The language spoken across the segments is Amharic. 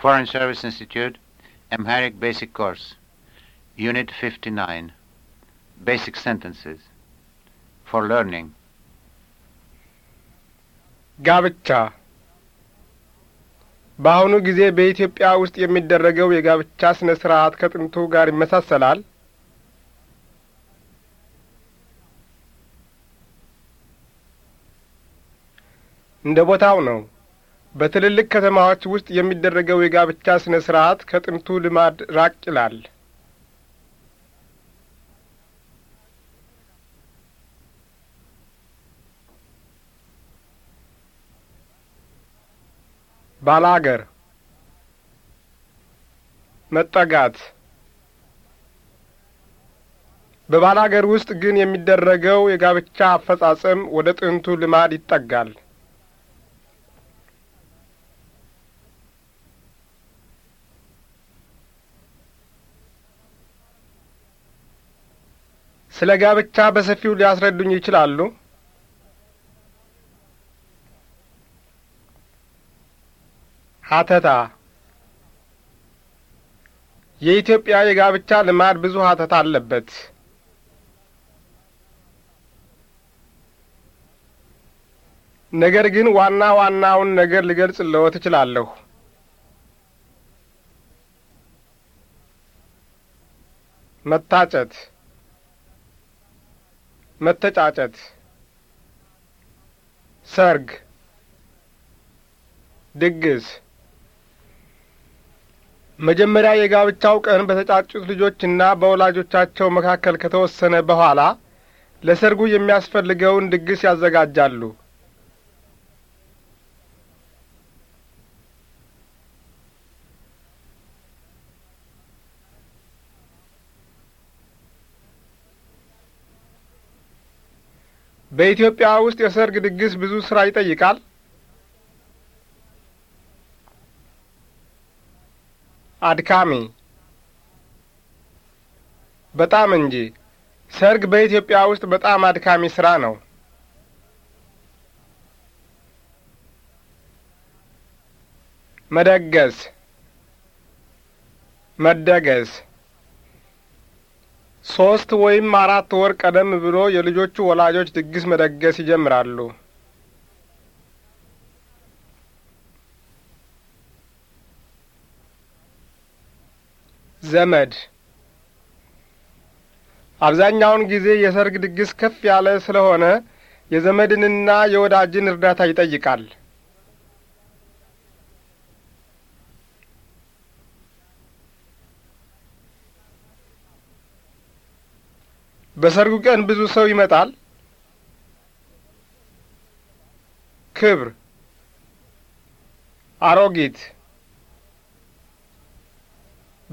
Foreign Service Institute, Amharic Basic Course, Unit 59, Basic Sentences, for Learning. ጋብቻ በአሁኑ ጊዜ በኢትዮጵያ ውስጥ የሚደረገው የጋብቻ ስነ ስርዓት ከጥንቱ ጋር ይመሳሰላል? እንደ ቦታው ነው። በትልልቅ ከተማዎች ውስጥ የሚደረገው የጋብቻ ሥነ ሥርዓት ከጥንቱ ልማድ ራቅ ይላል። ባላገር መጠጋት በባላገር ውስጥ ግን የሚደረገው የጋብቻ አፈጻጸም ወደ ጥንቱ ልማድ ይጠጋል። ስለ ጋብቻ በሰፊው ሊያስረዱኝ ይችላሉ? ሀተታ የኢትዮጵያ የጋብቻ ልማድ ብዙ ሀተታ አለበት። ነገር ግን ዋና ዋናውን ነገር ልገልጽ ልገልጽልዎ ትችላለሁ። መታጨት መተጫጨት፣ ሰርግ፣ ድግስ። መጀመሪያ የጋብቻው ቀን በተጫጩት ልጆችና በወላጆቻቸው መካከል ከተወሰነ በኋላ ለሰርጉ የሚያስፈልገውን ድግስ ያዘጋጃሉ። በኢትዮጵያ ውስጥ የሰርግ ድግስ ብዙ ስራ ይጠይቃል? አድካሚ በጣም እንጂ። ሰርግ በኢትዮጵያ ውስጥ በጣም አድካሚ ስራ ነው። መደገስ መደገስ ሶስት ወይም አራት ወር ቀደም ብሎ የልጆቹ ወላጆች ድግስ መደገስ ይጀምራሉ። ዘመድ አብዛኛውን ጊዜ የሰርግ ድግስ ከፍ ያለ ስለሆነ የዘመድንና የወዳጅን እርዳታ ይጠይቃል። በሰርጉ ቀን ብዙ ሰው ይመጣል። ክብር አሮጊት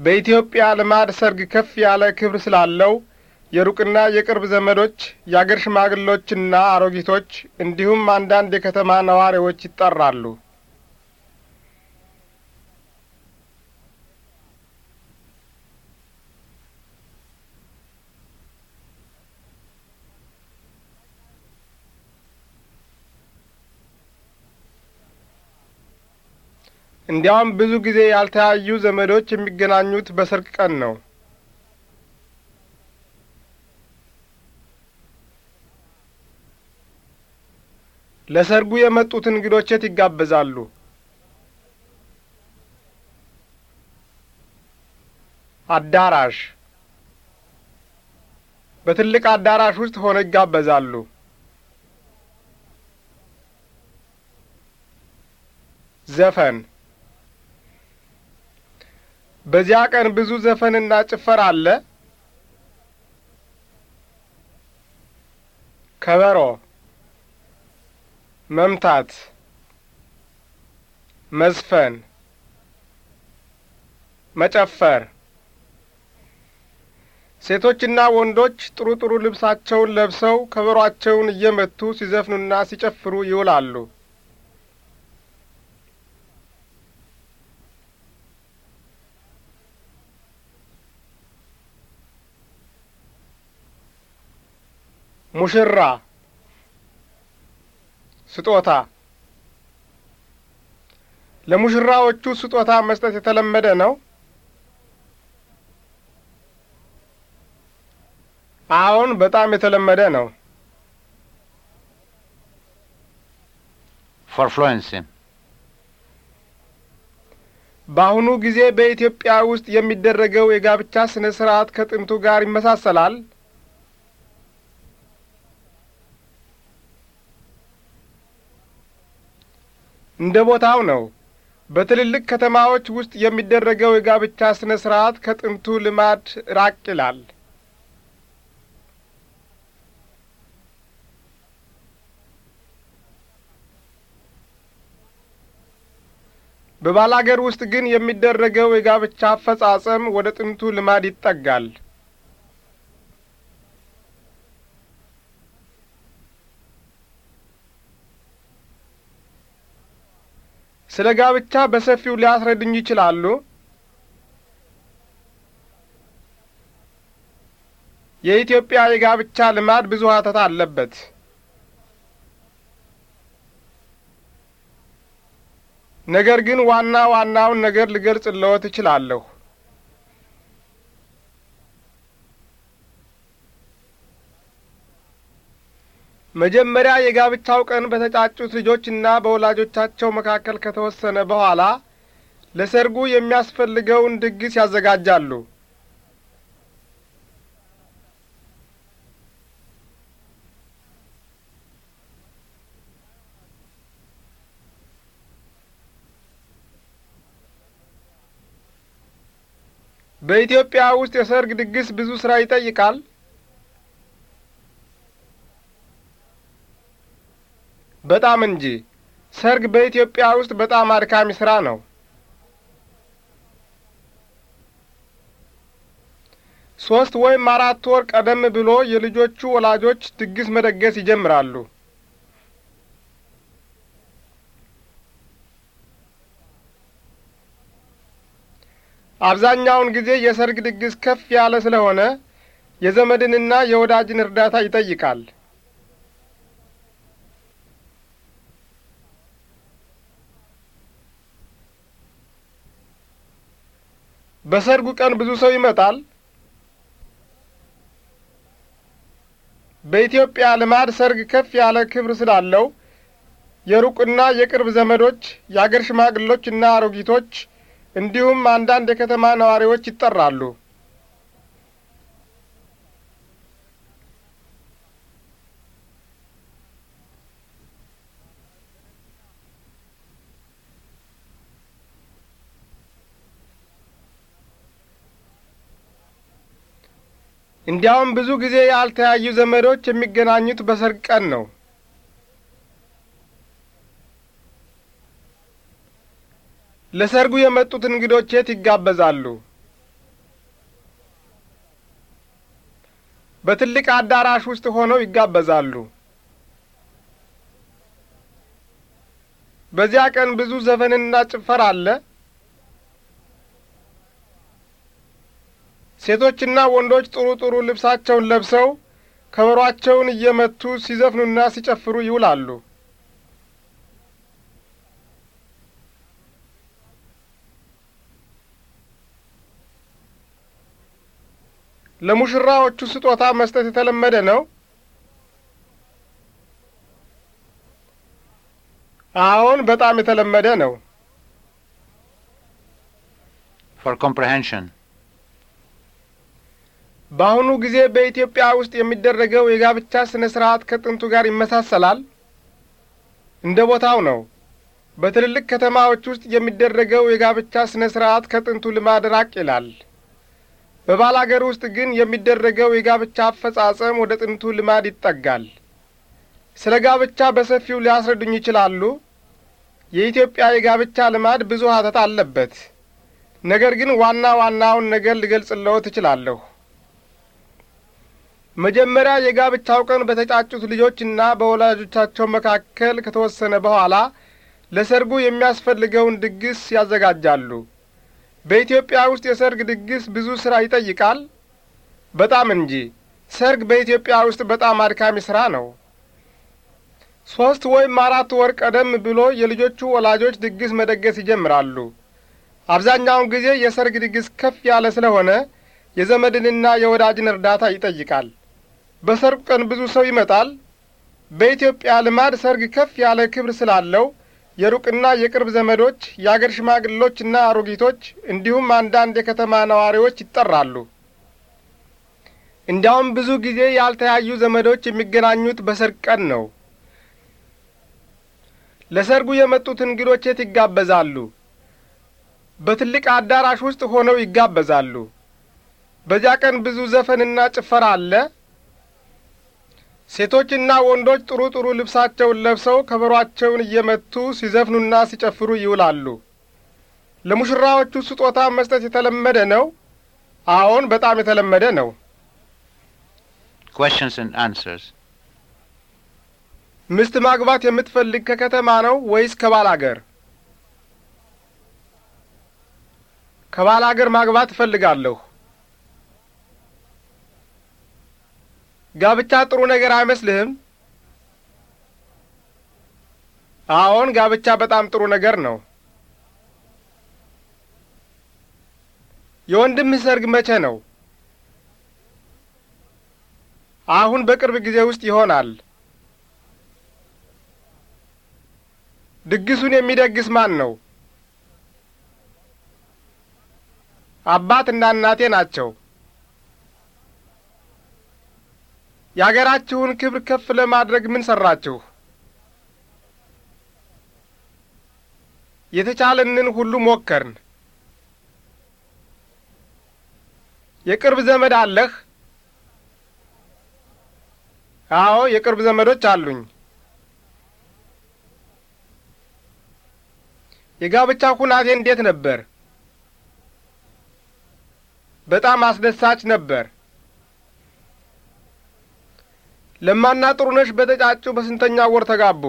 በኢትዮጵያ ልማድ ሰርግ ከፍ ያለ ክብር ስላለው የሩቅና የቅርብ ዘመዶች፣ የአገር ሽማግሎችና አሮጊቶች እንዲሁም አንዳንድ የከተማ ነዋሪዎች ይጠራሉ። እንዲያውም ብዙ ጊዜ ያልተያዩ ዘመዶች የሚገናኙት በሰርግ ቀን ነው። ለሰርጉ የመጡት እንግዶቼት ይጋበዛሉ? አዳራሽ በትልቅ አዳራሽ ውስጥ ሆነው ይጋበዛሉ። ዘፈን በዚያ ቀን ብዙ ዘፈንና ጭፈራ አለ። ከበሮ መምታት፣ መዝፈን፣ መጨፈር። ሴቶችና ወንዶች ጥሩ ጥሩ ልብሳቸውን ለብሰው ከበሮአቸውን እየመቱ ሲዘፍኑና ሲጨፍሩ ይውላሉ። ሙሽራ ስጦታ ለሙሽራዎቹ ስጦታ መስጠት የተለመደ ነው? አሁን በጣም የተለመደ ነው። ፎርፍሉዌንሲ በአሁኑ ጊዜ በኢትዮጵያ ውስጥ የሚደረገው የጋብቻ ስነ ስርዓት ከጥንቱ ጋር ይመሳሰላል? እንደ ቦታው ነው። በትልልቅ ከተማዎች ውስጥ የሚደረገው የጋብቻ ሥነ ሥርዓት ከጥንቱ ልማድ ራቅ ይላል። በባላገር ውስጥ ግን የሚደረገው የጋብቻ አፈጻጸም ወደ ጥንቱ ልማድ ይጠጋል። ስለ ጋብቻ በሰፊው ሊያስረድኝ ይችላሉ? የኢትዮጵያ የጋብቻ ልማድ ብዙ ሀተት አለበት። ነገር ግን ዋና ዋናውን ነገር ልገልጽ ልዎት እችላለሁ። መጀመሪያ የጋብቻው ቀን በተጫጩት ልጆችና በወላጆቻቸው መካከል ከተወሰነ በኋላ ለሰርጉ የሚያስፈልገውን ድግስ ያዘጋጃሉ። በኢትዮጵያ ውስጥ የሰርግ ድግስ ብዙ ስራ ይጠይቃል። በጣም እንጂ። ሰርግ በኢትዮጵያ ውስጥ በጣም አድካሚ ስራ ነው። ሶስት ወይም አራት ወር ቀደም ብሎ የልጆቹ ወላጆች ድግስ መደገስ ይጀምራሉ። አብዛኛውን ጊዜ የሰርግ ድግስ ከፍ ያለ ስለሆነ የዘመድንና የወዳጅን እርዳታ ይጠይቃል። በሰርጉ ቀን ብዙ ሰው ይመጣል? በኢትዮጵያ ልማድ ሰርግ ከፍ ያለ ክብር ስላለው የሩቅና የቅርብ ዘመዶች፣ የአገር ሽማግሎች እና አሮጊቶች እንዲሁም አንዳንድ የከተማ ነዋሪዎች ይጠራሉ። እንዲያውም ብዙ ጊዜ ያልተያዩ ዘመዶች የሚገናኙት በሰርግ ቀን ነው። ለሰርጉ የመጡት እንግዶች የት ይጋበዛሉ? በትልቅ አዳራሽ ውስጥ ሆነው ይጋበዛሉ። በዚያ ቀን ብዙ ዘፈንና ጭፈራ አለ። ሴቶችና ወንዶች ጥሩ ጥሩ ልብሳቸውን ለብሰው ከበሯቸውን እየመቱ ሲዘፍኑና ሲጨፍሩ ይውላሉ። ለሙሽራዎቹ ስጦታ መስጠት የተለመደ ነው? አዎን፣ በጣም የተለመደ ነው። ፎር comprehension በአሁኑ ጊዜ በኢትዮጵያ ውስጥ የሚደረገው የጋብቻ ስነ ስርዓት ከጥንቱ ጋር ይመሳሰላል? እንደ ቦታው ነው። በትልልቅ ከተማዎች ውስጥ የሚደረገው የጋብቻ ስነ ስርዓት ከጥንቱ ልማድ ራቅ ይላል። በባላገር ውስጥ ግን የሚደረገው የጋብቻ አፈጻጸም ወደ ጥንቱ ልማድ ይጠጋል። ስለ ጋብቻ በሰፊው ሊያስረዱኝ ይችላሉ? የኢትዮጵያ የጋብቻ ልማድ ብዙ ሀተት አለበት። ነገር ግን ዋና ዋናውን ነገር ልገልጽልዎ ትችላለሁ። መጀመሪያ የጋብቻው ቀን በተጫጩት ልጆችና በወላጆቻቸው መካከል ከተወሰነ በኋላ ለሰርጉ የሚያስፈልገውን ድግስ ያዘጋጃሉ። በኢትዮጵያ ውስጥ የሰርግ ድግስ ብዙ ሥራ ይጠይቃል። በጣም እንጂ። ሰርግ በኢትዮጵያ ውስጥ በጣም አድካሚ ሥራ ነው። ሦስት ወይም አራት ወር ቀደም ብሎ የልጆቹ ወላጆች ድግስ መደገስ ይጀምራሉ። አብዛኛውን ጊዜ የሰርግ ድግስ ከፍ ያለ ስለሆነ የዘመድንና የወዳጅን እርዳታ ይጠይቃል። በሰርጉ ቀን ብዙ ሰው ይመጣል። በኢትዮጵያ ልማድ ሰርግ ከፍ ያለ ክብር ስላለው የሩቅና የቅርብ ዘመዶች፣ የአገር ሽማግሎችና አሮጊቶች እንዲሁም አንዳንድ የከተማ ነዋሪዎች ይጠራሉ። እንዲያውም ብዙ ጊዜ ያልተያዩ ዘመዶች የሚገናኙት በሰርግ ቀን ነው። ለሰርጉ የመጡት እንግዶች የት ይጋበዛሉ? በትልቅ አዳራሽ ውስጥ ሆነው ይጋበዛሉ። በዚያ ቀን ብዙ ዘፈንና ጭፈራ አለ። ሴቶችና ወንዶች ጥሩ ጥሩ ልብሳቸውን ለብሰው ከበሯቸውን እየመቱ ሲዘፍኑና ሲጨፍሩ ይውላሉ። ለሙሽራዎቹ ስጦታ መስጠት የተለመደ ነው? አዎን፣ በጣም የተለመደ ነው። questions ሚስት ማግባት የምትፈልግ ከከተማ ነው ወይስ ከባል አገር? ከባል አገር ማግባት እፈልጋለሁ። ጋብቻ ጥሩ ነገር አይመስልህም? አዎን፣ ጋብቻ በጣም ጥሩ ነገር ነው። የወንድምህ ሰርግ መቼ ነው? አሁን በቅርብ ጊዜ ውስጥ ይሆናል። ድግሱን የሚደግስ ማን ነው? አባትና እናቴ ናቸው። የአገራችሁን ክብር ከፍ ለማድረግ ምን ሠራችሁ? የተቻለንን ሁሉ ሞከርን። የቅርብ ዘመድ አለህ? አዎ፣ የቅርብ ዘመዶች አሉኝ። የጋብቻ ሁናቴ እንዴት ነበር? በጣም አስደሳች ነበር። ለማና ጥሩነሽ በተጫጩ በስንተኛ ወር ተጋቡ?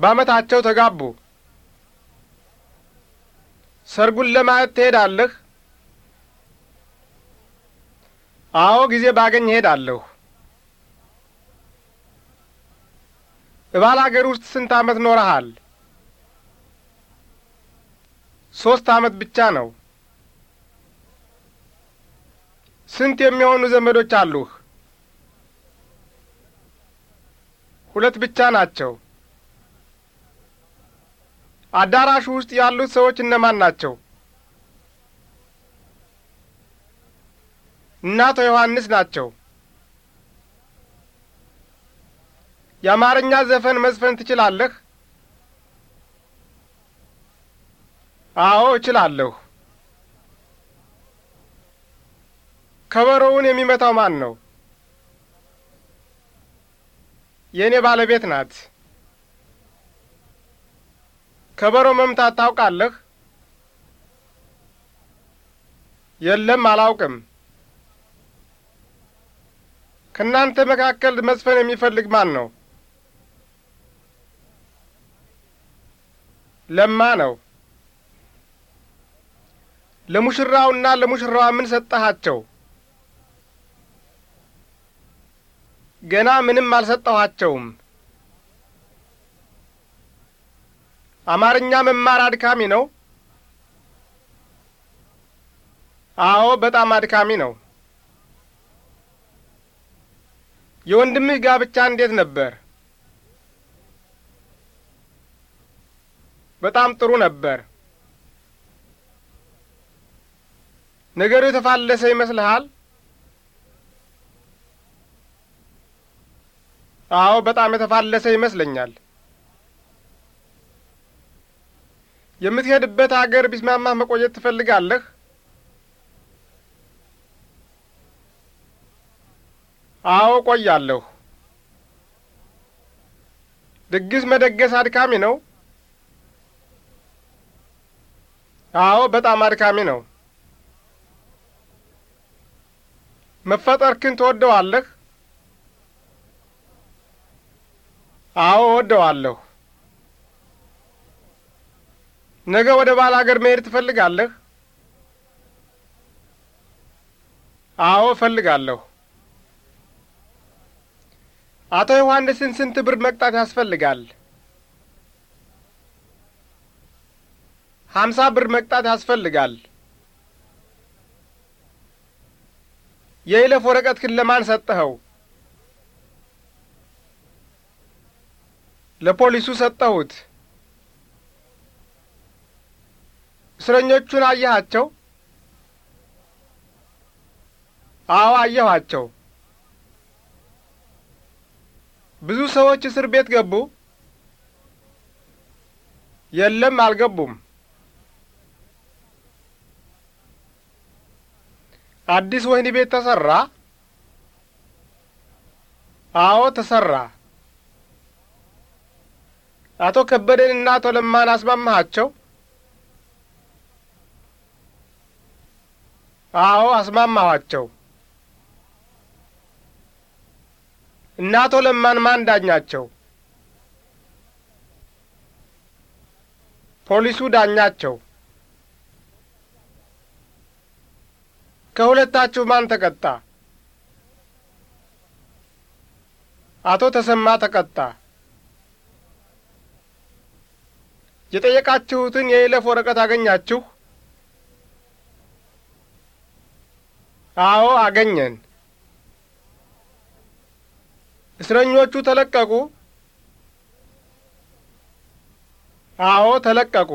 በአመታቸው ተጋቡ። ሰርጉን ለማየት ትሄዳለህ? አዎ፣ ጊዜ ባገኝ እሄዳለሁ። እባል አገር ውስጥ ስንት ዓመት ኖረሃል? ሦስት ዓመት ብቻ ነው። ስንት የሚሆኑ ዘመዶች አሉህ? ሁለት ብቻ ናቸው። አዳራሹ ውስጥ ያሉት ሰዎች እነማን ናቸው? እናቶ ዮሐንስ ናቸው። የአማርኛ ዘፈን መዝፈን ትችላለህ? አዎ እችላለሁ። ከበሮውን የሚመታው ማን ነው? የእኔ ባለቤት ናት። ከበሮ መምታት ታውቃለህ? የለም፣ አላውቅም። ከእናንተ መካከል መዝፈን የሚፈልግ ማን ነው? ለማ ነው። ለሙሽራውና ለሙሽራዋ ምን ሰጠሃቸው? ገና ምንም አልሰጠኋቸውም። አማርኛ መማር አድካሚ ነው? አዎ፣ በጣም አድካሚ ነው። የወንድምህ ጋብቻ እንዴት ነበር? በጣም ጥሩ ነበር። ነገሩ የተፋለሰ ይመስልሃል? አዎ፣ በጣም የተፋለሰ ይመስለኛል። የምትሄድበት አገር ቢስማማህ መቆየት ትፈልጋለህ? አዎ፣ ቆያለሁ። ድግስ መደገስ አድካሚ ነው? አዎ፣ በጣም አድካሚ ነው። መፈጠርክን ትወደዋለህ? አዎ እወደዋለሁ። ነገ ወደ ባል አገር መሄድ ትፈልጋለህ? አዎ እፈልጋለሁ። አቶ ዮሐንስን ስንት ብር መቅጣት ያስፈልጋል? ሀምሳ ብር መቅጣት ያስፈልጋል። የይለፍ ወረቀትህን ለማን ሰጠኸው? ለፖሊሱ ሰጠሁት። እስረኞቹን አየሃቸው? አዎ አየኋቸው። ብዙ ሰዎች እስር ቤት ገቡ? የለም አልገቡም። አዲስ ወህኒ ቤት ተሰራ? አዎ ተሰራ። አቶ ከበደንና አቶ ለማን አስማማሃቸው? አዎ አስማማኋቸው። እና አቶ ለማን ማን ዳኛቸው? ፖሊሱ ዳኛቸው። ከሁለታችሁ ማን ተቀጣ? አቶ ተሰማ ተቀጣ። የጠየቃችሁትን የይለፍ ወረቀት አገኛችሁ? አዎ አገኘን። እስረኞቹ ተለቀቁ? አዎ ተለቀቁ።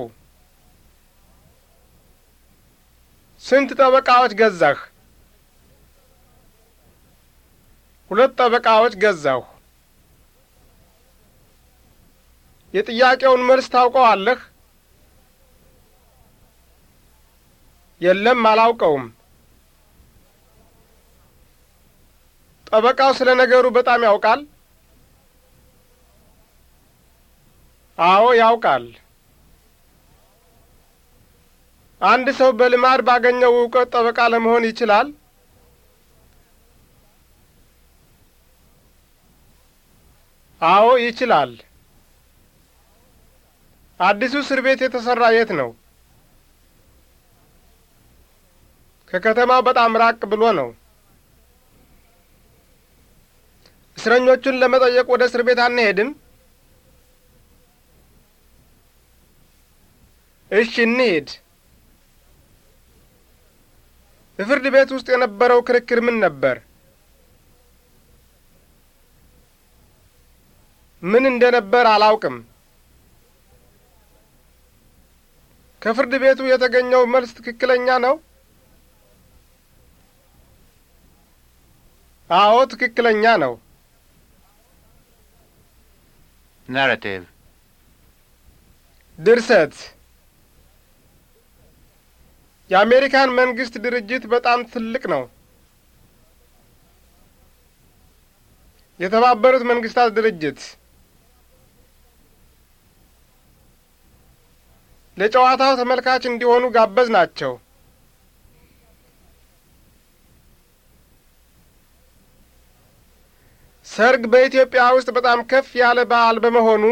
ስንት ጠበቃዎች ገዛህ? ሁለት ጠበቃዎች ገዛሁ። የጥያቄውን መልስ ታውቀዋለህ? የለም፣ አላውቀውም። ጠበቃው ስለ ነገሩ በጣም ያውቃል? አዎ፣ ያውቃል። አንድ ሰው በልማድ ባገኘው እውቀት ጠበቃ ለመሆን ይችላል? አዎ፣ ይችላል። አዲሱ እስር ቤት የተሠራ የት ነው? ከከተማው በጣም ራቅ ብሎ ነው። እስረኞቹን ለመጠየቅ ወደ እስር ቤት አንሄድም? እሺ እንሂድ። እፍርድ ቤት ውስጥ የነበረው ክርክር ምን ነበር? ምን እንደነበር አላውቅም። ከፍርድ ቤቱ የተገኘው መልስ ትክክለኛ ነው? አዎ፣ ትክክለኛ ነው። ናራቲቭ ድርሰት የአሜሪካን መንግስት ድርጅት በጣም ትልቅ ነው። የተባበሩት መንግስታት ድርጅት ለጨዋታው ተመልካች እንዲሆኑ ጋበዝ ናቸው። ሰርግ በኢትዮጵያ ውስጥ በጣም ከፍ ያለ በዓል በመሆኑ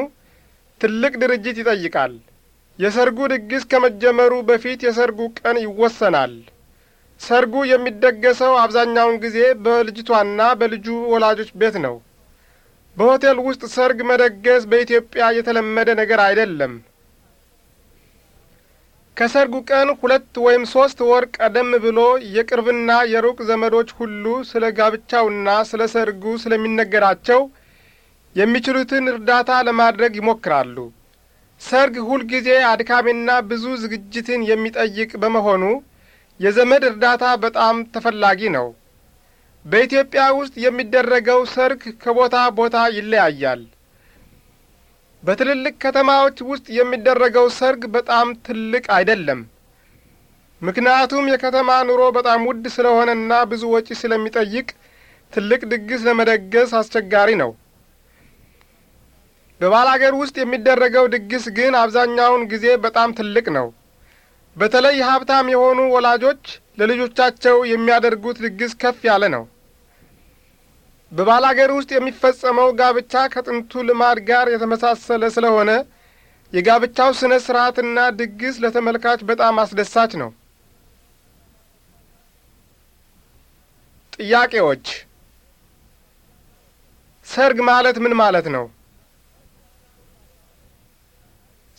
ትልቅ ድርጅት ይጠይቃል። የሰርጉ ድግስ ከመጀመሩ በፊት የሰርጉ ቀን ይወሰናል። ሰርጉ የሚደገሰው አብዛኛውን ጊዜ በልጅቷና በልጁ ወላጆች ቤት ነው። በሆቴል ውስጥ ሰርግ መደገስ በኢትዮጵያ የተለመደ ነገር አይደለም። ከሰርጉ ቀን ሁለት ወይም ሦስት ወር ቀደም ብሎ የቅርብና የሩቅ ዘመዶች ሁሉ ስለ ጋብቻውና ስለ ሰርጉ ስለሚነገራቸው የሚችሉትን እርዳታ ለማድረግ ይሞክራሉ። ሰርግ ሁልጊዜ አድካሚና ብዙ ዝግጅትን የሚጠይቅ በመሆኑ የዘመድ እርዳታ በጣም ተፈላጊ ነው። በኢትዮጵያ ውስጥ የሚደረገው ሰርግ ከቦታ ቦታ ይለያያል። በትልልቅ ከተማዎች ውስጥ የሚደረገው ሰርግ በጣም ትልቅ አይደለም። ምክንያቱም የከተማ ኑሮ በጣም ውድ ስለሆነና ብዙ ወጪ ስለሚጠይቅ ትልቅ ድግስ ለመደገስ አስቸጋሪ ነው። አገር ውስጥ የሚደረገው ድግስ ግን አብዛኛውን ጊዜ በጣም ትልቅ ነው። በተለይ ሀብታም የሆኑ ወላጆች ለልጆቻቸው የሚያደርጉት ድግስ ከፍ ያለ ነው። በባላገር ውስጥ የሚፈጸመው ጋብቻ ከጥንቱ ልማድ ጋር የተመሳሰለ ስለሆነ የጋብቻው ስነ ስርዓትና ድግስ ለተመልካች በጣም አስደሳች ነው። ጥያቄዎች፣ ሰርግ ማለት ምን ማለት ነው?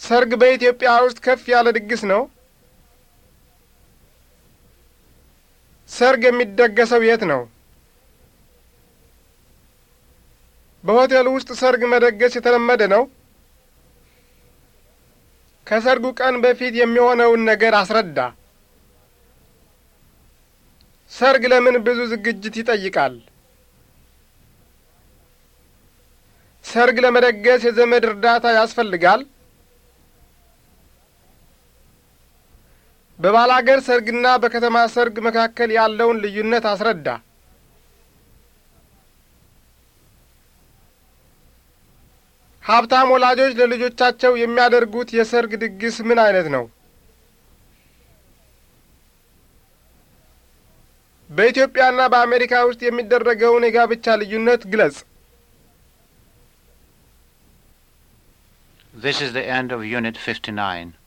ሰርግ በኢትዮጵያ ውስጥ ከፍ ያለ ድግስ ነው። ሰርግ የሚደገሰው የት ነው? በሆቴል ውስጥ ሰርግ መደገስ የተለመደ ነው። ከሰርጉ ቀን በፊት የሚሆነውን ነገር አስረዳ። ሰርግ ለምን ብዙ ዝግጅት ይጠይቃል? ሰርግ ለመደገስ የዘመድ እርዳታ ያስፈልጋል? በባላገር ሰርግና በከተማ ሰርግ መካከል ያለውን ልዩነት አስረዳ። ሀብታም ወላጆች ለልጆቻቸው የሚያደርጉት የሰርግ ድግስ ምን አይነት ነው? በኢትዮጵያና በአሜሪካ ውስጥ የሚደረገውን የጋብቻ ልዩነት ግለጽ። This is the end of Unit 59.